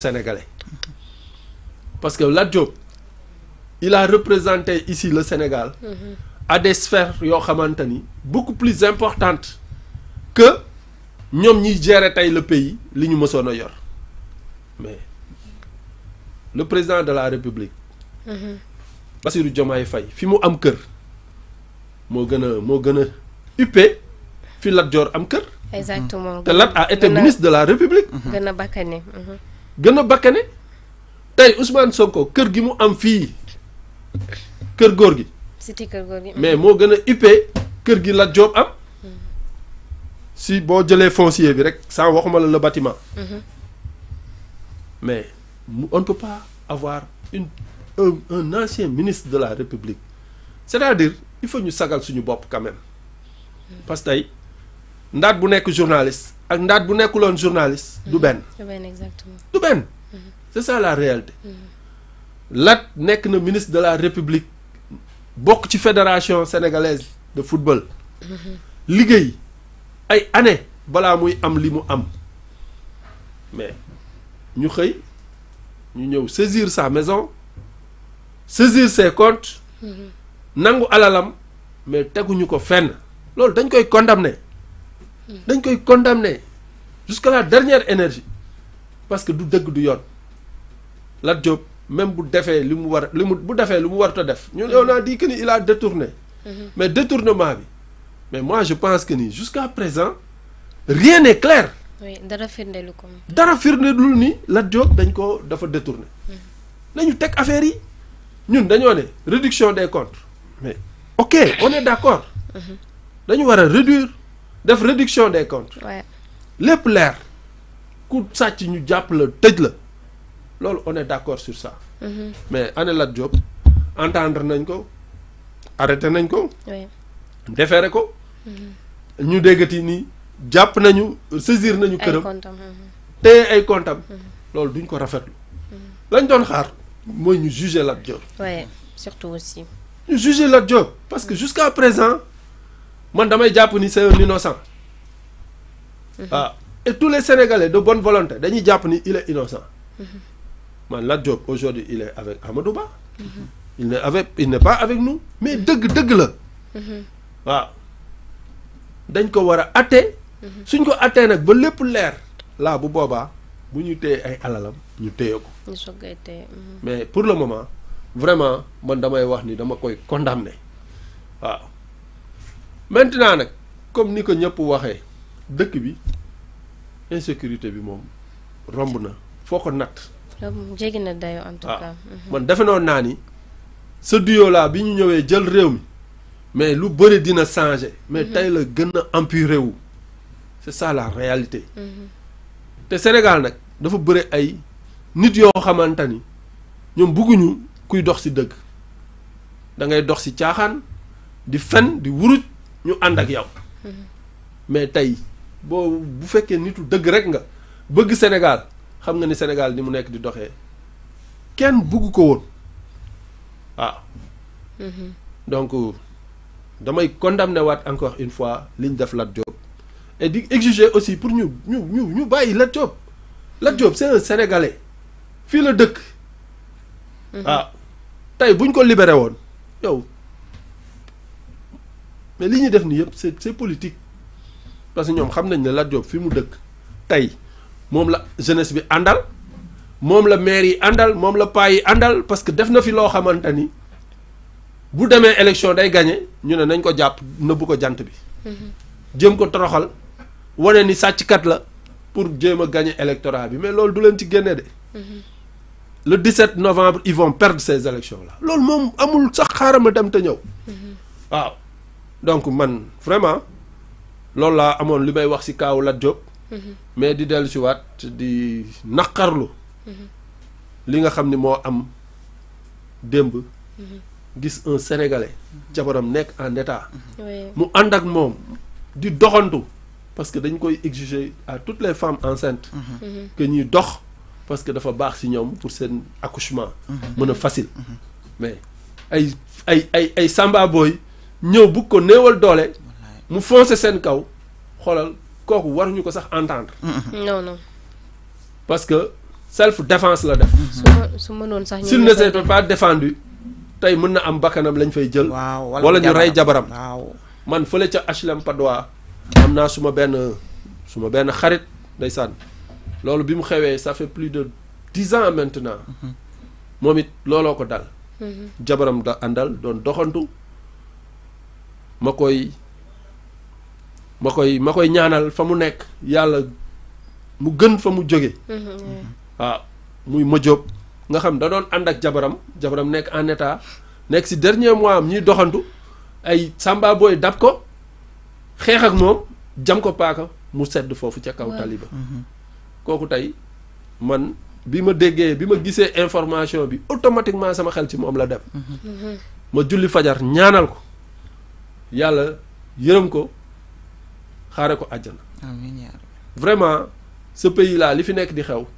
Sénégalais. Parce que Ladjo, il a représenté ici le Sénégal à des sphères beaucoup plus importantes que nous qui gérer le pays li ñu mësoon a yor mais le président de la République. Mm Djamaye Bassirou Diomaye a fi mu am kër moo gën a a fi exactement te a été ministre de la République. Il a gëna bakane. tay Ousmane Sonko kër gi mu am fi kër góor gi. kër gor gi. mais moi, gëna a kër gi la job am. Hmm. si bo jëlé foncier bi rek sans waxuma la le bâtiment. Hmm. mais on peut pas avoir une un ancien ministre de la République c'est-à-dire il faut ñu sagal suñu bop quand même hmm. parce que tey ndaat bu nek journaliste ak ndat bu nekkuloon journaliste du ben du ben exactement du mhm. c'est ça la réalité mhm. Lat nek na ministre de la République bok ci fédération sénégalaise de football liguey ay année bala muy am limu am mais ñu xey ñu saisir sa maison saisir ses comptes nangu alalam mais teguñu ñuko fenn lolou dañ koy condamner dañ koy condamnés jusqu'à la dernière énergie parce que du dëgg du yoon la même bu defee li mu war li mu bu defee lu mu def on a dit que ni il a détourné mm-hmm. mais détournement bi mais moi je pense que ni jusqu'à présent rien n'est clair dara firndeelu dara firndeelul ni la job dañ ko dafa détourné mm-hmm. nañu teg affaire yi ñun dañoo ne réduction des comptes mais ok on est d'accord mm-hmm. dañu war a réduire réduction des comptes. les plaires ku ñu le on est d'accord sur ça. Mhm. mais Anne là, job entendre nañ ko arrêté nañ ko. ko. nous mhm. ni nous saisir nañu. Mhm. ko là lañ doon xaar moi nous juger la job surtout aussi. juger parce que jusqu'à présent c'est innocent. Mhm. ah et tous les Sénégalais de bonne volonté dañuy jàpp ni il est innocent mhm. man Lat Diop aujourd'hui il est avec Amadou Ba mhm. il n'est avec il n'est pas avec nous mais dëgg dëgg la waaw ah. dañ ko wara até, suñ ko até nak ba lepp lèr, laa bu boba, bu ñu téye ay alalam ñu téye ko mais pour le moment vraiment man damay wax ni dama koy condamné waaw ah. maintenant nak, comme ni ko ñëpp waxee dëkk bi insécurité bi moom romb na foo ko natt. jéggi na dayo en tout ah. cas. Mhm. man defe noon naa ni duo laa bi ñu ñëwee jël réew mi mais lu bëri dina changer. mais mhm. tey la gën a empiré wu. c'est ça la réalité. Mhm. te Sénégal nag dafa bëri ay nit yoo xamante ni ñoom bugguñu kuy dox ci dëgg da ngay dox ci caaxaan di fen di wuruj ñu ànd ak mais tey boo bu fekkee nitu rek nga bëgg Sénégal xam nga ni Sénégal ni mu nekk di ko ah. mhm. donc damay condamné encore une fois liñ def et di exiger aussi pour nous ñu ñu nous bàyyi nous, c'est un sénégalais fii la dëkk. Mhm. ah tey buñ ko libéré yow mais li ñuy def c'est politique parce que nous xam nañ la job fi mu dëkk la jeunesse bi Andal, mom la maire yi andal la yi parce que def na fi lo xamante bu demee élection day nous ne nañ ko japp ko jant bi. Mhm. ko toroxal ni la pour jëma électorat mais mhm. le 17 novembre ils vont perdre ces élections là lool mom amul sax xaaral mhm. donc vraiment loolu laa amoon li may wax ci kaaw Lat mhm. mais di dellu si waat di naqarlu mhm. li nga xam ni moo am démb mhm. gis un sénégalais jabaram nekk en état mu ànd ak moom di doxantu parce que dañ koy exiger à toutes les femmes enceintes que ñuy dox parce que dafa baax si ñoom pour seen accouchement mën a facile mais ay ay ay ay samba booy ñëw bu ko néewal doole nous faisons sen kaw ko entendre. non non. parce que self défense la def. su sommes sax ne s'est pas défendu tay mën na am bakanam lañ fay jël. wala ñu ray jabaram. man Nous HLM Padois am naa benn xarit ndeysaan loolu bi mu ça fait plus de dix ans maintenant. Mm-hmm. moom it ko dal. Mm-hmm. jabaram da andal doon doxantu ma ma koy ma koy ñaanal fa mu nekk yàlla mu gën fa mu jóge waaw mm-hmm. ah, muy ma Diop nga xam da doon ànd ak jabaram jabaram nekk en état nekk si dernier mois am ñuy doxantu ay samba booy dab ko xeex ak moom jam ko paaka mu sedd foofu ca kaw taliba mm-hmm. kooku tey man bi ma déggee bi ma gisee information bi automatiquement sama xel ci moom la dem mm-hmm. ma julli fajar ñaanal ko yàlla yërëm ko xaare ko àjjana. amiin vraiment ce pays là li fi nekk di xew.